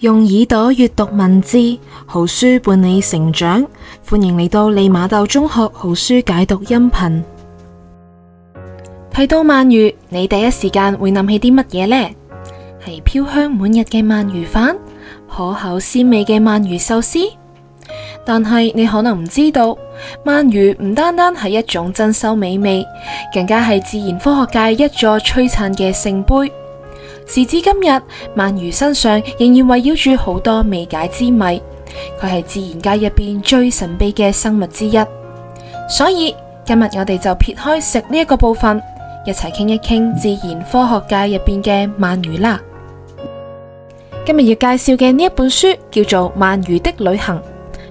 用耳朵閱讀文字，好書伴你成長。歡迎嚟到利馬竇中學好書解讀音頻。提到鰻魚，你第一時間會諗起啲乜嘢呢？係飄香滿日嘅鰻魚飯，可口鮮美嘅鰻魚壽司。但係你可能唔知道，鰻魚唔單單係一種珍饈美味，更加係自然科學界一座璀璨嘅聖杯。時至今日，鰻魚身上仍然圍繞住好多未解之謎。佢係自然界入邊最神秘嘅生物之一，所以今日我哋就撇開食呢一個部分，一齊傾一傾自然科學界入邊嘅鰻魚啦。今日要介紹嘅呢一本書叫做《鰻魚的旅行》，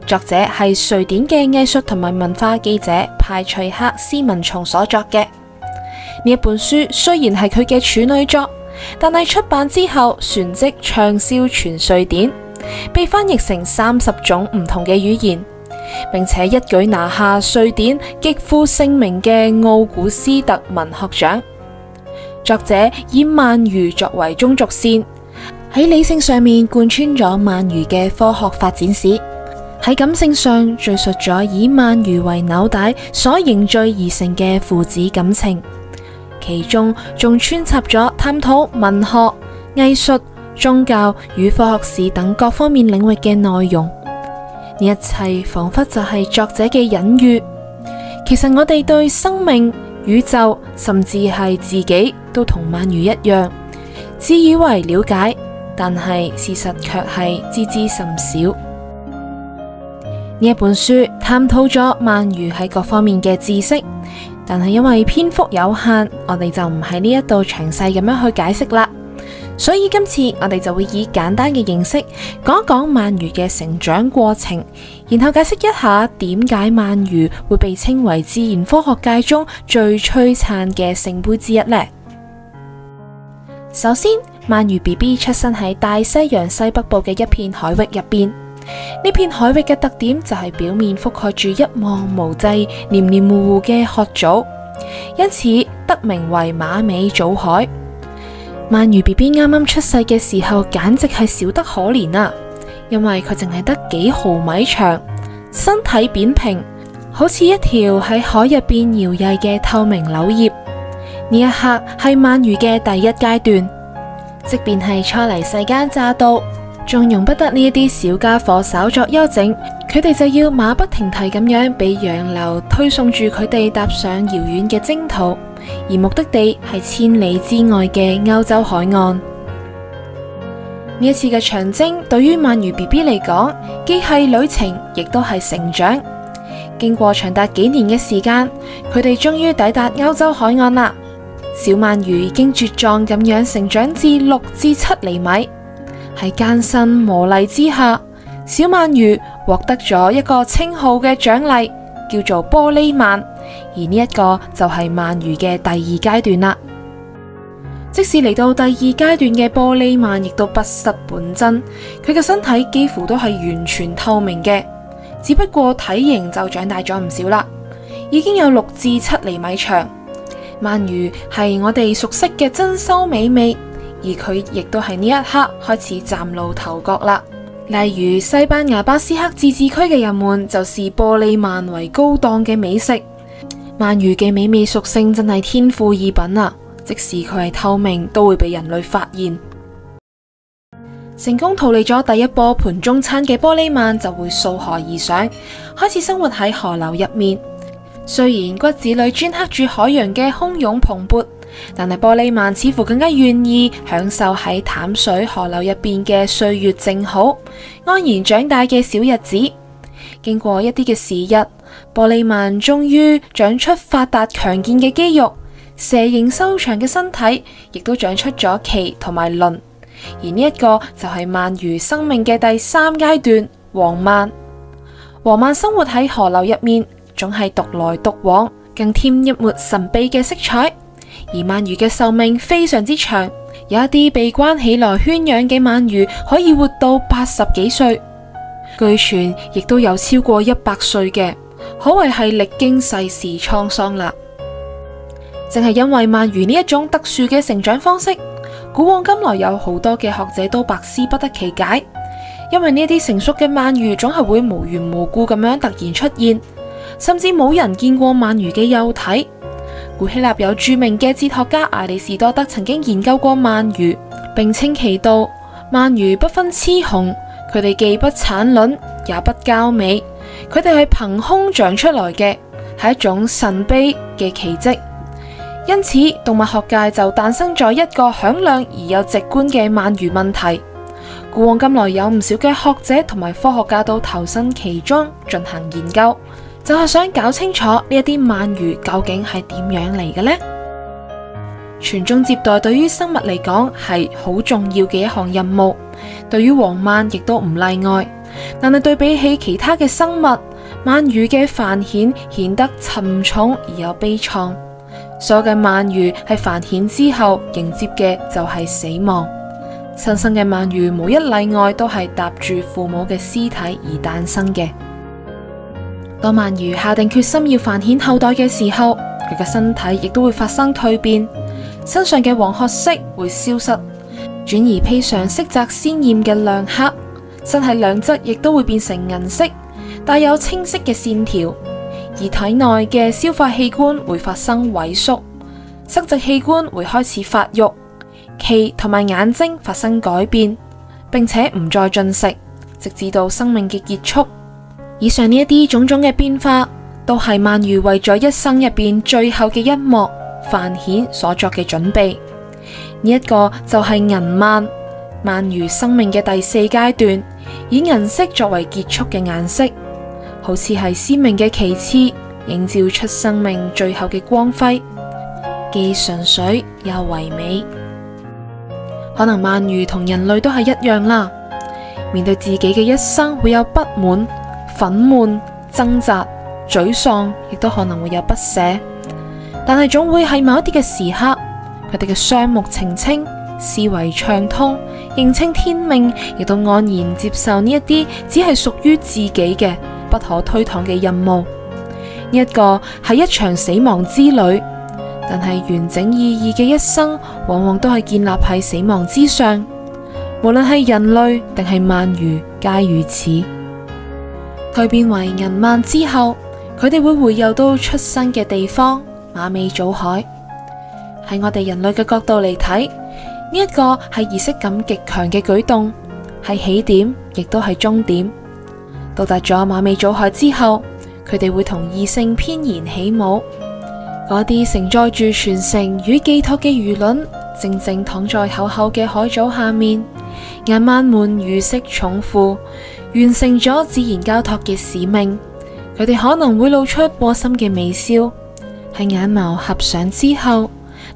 作者係瑞典嘅藝術同埋文化記者派翠克斯文松所作嘅。呢一本書雖然係佢嘅處女作。但係出版之後，旋即暢銷全瑞典，被翻譯成三十種唔同嘅語言，並且一舉拿下瑞典極富盛名嘅奧古斯特文學獎。作者以鰻魚作為中軸線，喺理性上面貫穿咗鰻魚嘅科學發展史，喺感性上敘述咗以鰻魚為紐帶所凝聚而成嘅父子感情。其中仲穿插咗探討文學、藝術、宗教與科學史等各方面領域嘅內容，呢一切仿佛就係作者嘅隱喻。其實我哋對生命、宇宙甚至係自己都同鰻魚一樣，自以為了解，但係事實卻係知之甚少。呢一本書探討咗鰻魚喺各方面嘅知識。但係因為篇幅有限，我哋就唔喺呢一度詳細咁樣去解釋啦。所以今次我哋就會以簡單嘅形式講一講鰻魚嘅成長過程，然後解釋一下點解鰻魚會被稱為自然科學界中最璀璨嘅聖杯之一呢。首先，鰻魚 BB 出生喺大西洋西北部嘅一片海域入邊。呢片海域嘅特點就係表面覆蓋住一望無際黏黏糊糊嘅褐藻，因此得名為馬尾藻海。鰻魚 B B 啱啱出世嘅時候，簡直係少得可憐啊！因為佢淨係得幾毫米長，身體扁平，好似一條喺海入邊搖曳嘅透明柳葉。呢一刻係鰻魚嘅第一階段，即便係初嚟世間乍到。仲容不得呢一啲小家伙，稍作休整，佢哋就要馬不停蹄咁樣俾洋流推送住，佢哋踏上遙遠嘅征途，而目的地係千里之外嘅歐洲海岸。呢一次嘅長征對於鰻魚 BB 嚟講，既係旅程，亦都係成長。經過長達幾年嘅時間，佢哋終於抵達歐洲海岸啦。小鰻魚已經茁壯咁樣成長至六至七厘米。喺艱辛磨礪之下，小鰻魚獲得咗一個稱號嘅獎勵，叫做玻璃鰻。而呢一個就係鰻魚嘅第二階段啦。即使嚟到第二階段嘅玻璃鰻，亦都不失本真。佢嘅身體幾乎都係完全透明嘅，只不過體型就長大咗唔少啦，已經有六至七厘米長。鰻魚係我哋熟悉嘅珍饈美味。而佢亦都喺呢一刻開始嶄露頭角啦。例如西班牙巴斯克自治區嘅人們，就視玻璃鰻為高檔嘅美食。鰻魚嘅美味屬性真係天賦異品啊！即使佢係透明，都會被人類發現。成功逃離咗第一波盤中餐嘅玻璃鰻，就會溯河而上，開始生活喺河流入面。雖然骨子裏專刻住海洋嘅洶湧蓬勃。但係玻璃曼似乎更加願意享受喺淡水河流入邊嘅歲月靜好安然長大嘅小日子。經過一啲嘅時日，日玻璃曼終於長出發達強健嘅肌肉，蛇形修長嘅身體亦都長出咗鰭同埋鱗。而呢一個就係鰻魚生命嘅第三階段黃鰻。黃鰻生活喺河流入面，總係獨來獨往，更添一抹神秘嘅色彩。而鰻魚嘅壽命非常之長，有一啲被關起來圈養嘅鰻魚可以活到八十幾歲，據傳亦都有超過一百歲嘅，可謂係歷經世事滄桑啦。正係因為鰻魚呢一種特殊嘅成長方式，古往今來有好多嘅學者都百思不得其解，因為呢啲成熟嘅鰻魚總係會無緣無故咁樣突然出現，甚至冇人見過鰻魚嘅幼體。古希臘有著名嘅哲學家亞里士多德曾經研究過鰻魚，並稱其道：鰻魚不分雌雄，佢哋既不產卵，也不交尾，佢哋係憑空長出來嘅，係一種神秘嘅奇跡。因此，動物學界就誕生咗一個響亮而又直觀嘅鰻魚問題。古往今來，有唔少嘅學者同埋科學家都投身其中進行研究。就係想搞清楚呢一啲鰻魚究竟係點樣嚟嘅呢？傳宗接代對於生物嚟講係好重要嘅一項任務，對於黃鰻亦都唔例外。但係對比起其他嘅生物，鰻魚嘅繁衍顯得沉重而又悲愴。所有嘅鰻魚喺繁衍之後迎接嘅就係死亡。新生嘅鰻魚無一例外都係搭住父母嘅屍體而誕生嘅。當鰻魚下定決心要繁衍後代嘅時候，佢嘅身體亦都會發生蛻變，身上嘅黃褐色會消失，轉而披上色澤鮮艷嘅亮黑，身體兩側亦都會變成銀色，帶有清晰嘅線條，而體內嘅消化器官會發生萎縮，生殖器官會開始發育，鰭同埋眼睛發生改變，並且唔再進食，直至到生命嘅結束。以上呢一啲種種嘅變化，都係鰻魚為咗一生入邊最後嘅一幕繁衍所作嘅準備。呢一個就係銀鰻，鰻魚生命嘅第四階段，以銀色作為結束嘅顏色，好似係鮮明嘅旗幟，映照出生命最後嘅光輝，既純粹又唯美。可能鰻魚同人類都係一樣啦，面對自己嘅一生會有不滿。憤懣、掙扎、沮喪，亦都可能會有不捨，但係總會喺某一啲嘅時刻，佢哋嘅雙目澄清，思維暢通，認清天命，亦都安然接受呢一啲只係屬於自己嘅不可推搪嘅任務。呢、這、一個係一場死亡之旅，但係完整意義嘅一生，往往都係建立喺死亡之上，無論係人類定係鰻魚，皆如此。蛻變為銀鰻之後，佢哋會回游到出生嘅地方馬尾藻海。喺我哋人類嘅角度嚟睇，呢一個係儀式感極強嘅舉動，係起點，亦都係終點。到達咗馬尾藻海之後，佢哋會同異性翩然起舞。嗰啲承載住傳承與寄託嘅魚卵，靜靜躺在厚厚嘅海藻下面。銀鰻們如釋重負。完成咗自然交託嘅使命，佢哋可能會露出窩心嘅微笑，喺眼眸合上之後，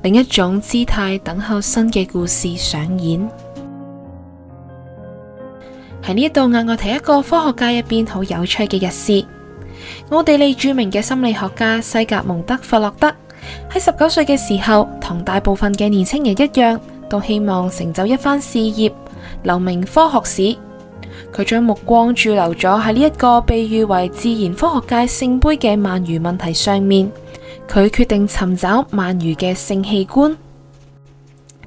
另一種姿態等候新嘅故事上演。喺呢度，額 外提一個科學界入邊好有趣嘅軼事：奧地利著名嘅心理學家西格蒙德·弗洛德喺十九歲嘅時候，同大部分嘅年輕人一樣，都希望成就一番事業，留名科學史。佢將目光駐留咗喺呢一個被譽為自然科學界聖杯嘅鰻魚問題上面，佢決定尋找鰻魚嘅性器官。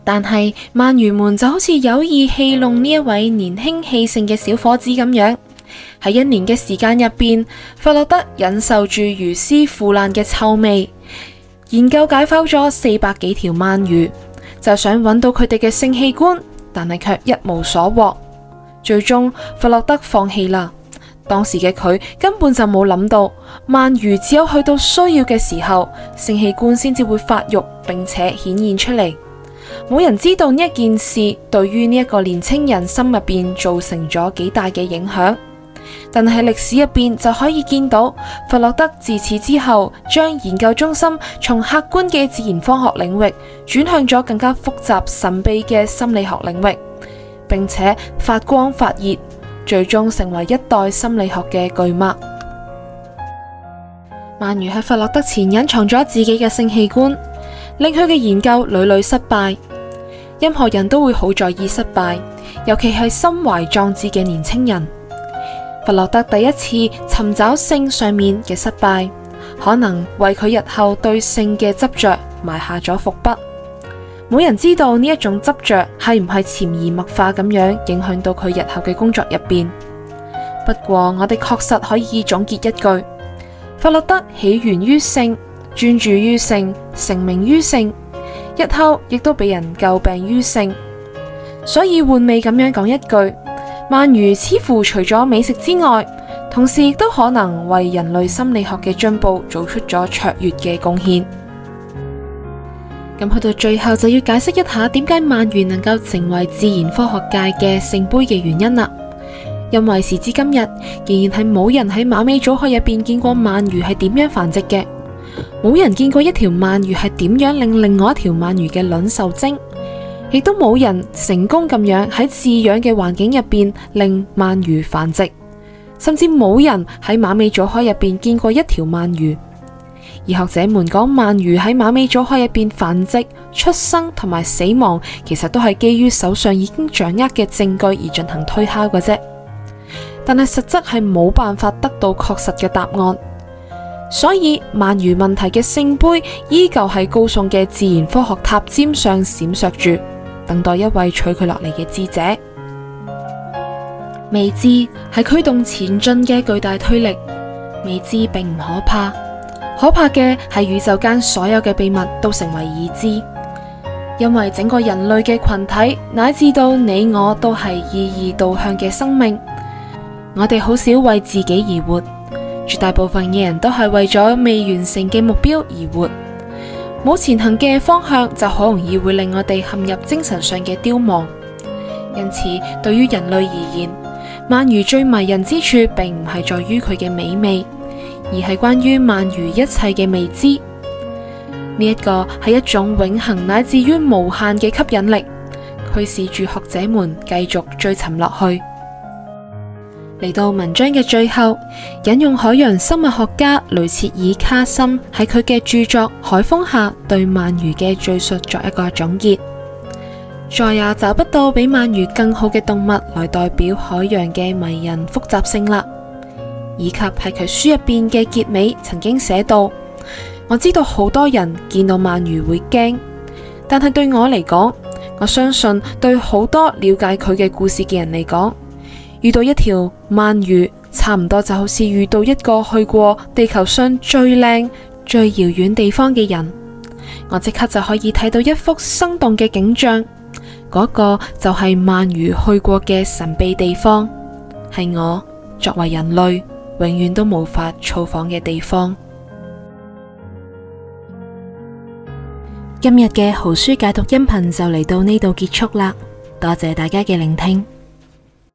但係鰻魚們就好似有意戲弄呢一位年輕氣盛嘅小伙子咁樣，喺一年嘅時間入邊，弗洛德忍受住魚屍腐爛嘅臭味，研究解剖咗四百幾條鰻魚，就想揾到佢哋嘅性器官，但係卻一無所獲。最終，弗洛德放棄啦。當時嘅佢根本就冇諗到，鰻魚只有去到需要嘅時候，性器官先至會發育並且顯現出嚟。冇人知道呢一件事對於呢一個年輕人心入邊造成咗幾大嘅影響。但係歷史入邊就可以見到，弗洛德自此之後，將研究中心從客觀嘅自然科學領域轉向咗更加複雜神秘嘅心理學領域。並且發光發熱，最終成為一代心理學嘅巨擘。鰻魚喺弗洛德前隱藏咗自己嘅性器官，令佢嘅研究屢屢失敗。任何人都會好在意失敗，尤其係心懷壯志嘅年輕人。弗洛德第一次尋找性上面嘅失敗，可能為佢日後對性嘅執着埋下咗伏筆。冇人知道呢一種執着係唔係潛移默化咁樣影響到佢日後嘅工作入邊。不過我哋確實可以總結一句：弗洛德起源於性，專注於性，成名於性，日後亦都俾人詬病於性。所以換位咁樣講一句，鰻魚似乎除咗美食之外，同時亦都可能為人類心理學嘅進步做出咗卓越嘅貢獻。咁去到最後就要解釋一下點解鰻魚能夠成為自然科學界嘅聖杯嘅原因啦。因為時至今日，仍然係冇人喺馬尾藻海入邊見過鰻魚係點樣繁殖嘅，冇人見過一條鰻魚係點樣令另外一條鰻魚嘅卵受精，亦都冇人成功咁樣喺飼養嘅環境入邊令鰻魚繁殖，甚至冇人喺馬尾藻海入邊見過一條鰻魚。學者們講，鰻魚喺馬尾藻海入邊繁殖、出生同埋死亡，其實都係基於手上已經掌握嘅證據而進行推敲嘅啫。但係實質係冇辦法得到確實嘅答案，所以鰻魚問題嘅聖杯依舊喺高聳嘅自然科學塔尖上閃爍住，等待一位取佢落嚟嘅智者。未知係驅動前進嘅巨大推力，未知並唔可怕。可怕嘅係宇宙間所有嘅秘密都成為已知，因為整個人類嘅群體乃至到你我都係意義導向嘅生命。我哋好少為自己而活，絕大部分嘅人都係為咗未完成嘅目標而活。冇前行嘅方向就好容易會令我哋陷入精神上嘅凋亡。因此，對於人類而言，鰻魚最迷人之處並唔係在於佢嘅美味。而係關於鰻魚一切嘅未知，呢一個係一種永恒乃至於無限嘅吸引力，驅使住學者們繼續追尋落去。嚟到文章嘅最後，引用海洋生物學家雷切爾·卡森喺佢嘅著作《海風下》對鰻魚嘅敘述作一個總結：再也找不到比鰻魚更好嘅動物來代表海洋嘅迷人複雜性啦。以及喺佢書入邊嘅結尾，曾經寫到：我知道好多人見到鰻魚會驚，但係對我嚟講，我相信對好多了解佢嘅故事嘅人嚟講，遇到一條鰻魚差唔多就好似遇到一個去過地球上最靚最遙遠地方嘅人。我即刻就可以睇到一幅生動嘅景象，嗰個就係鰻魚去過嘅神秘地方，係我作為人類。永遠都無法造訪嘅地方。今日嘅好書解讀音頻就嚟到呢度結束了，多謝大家嘅聆聽。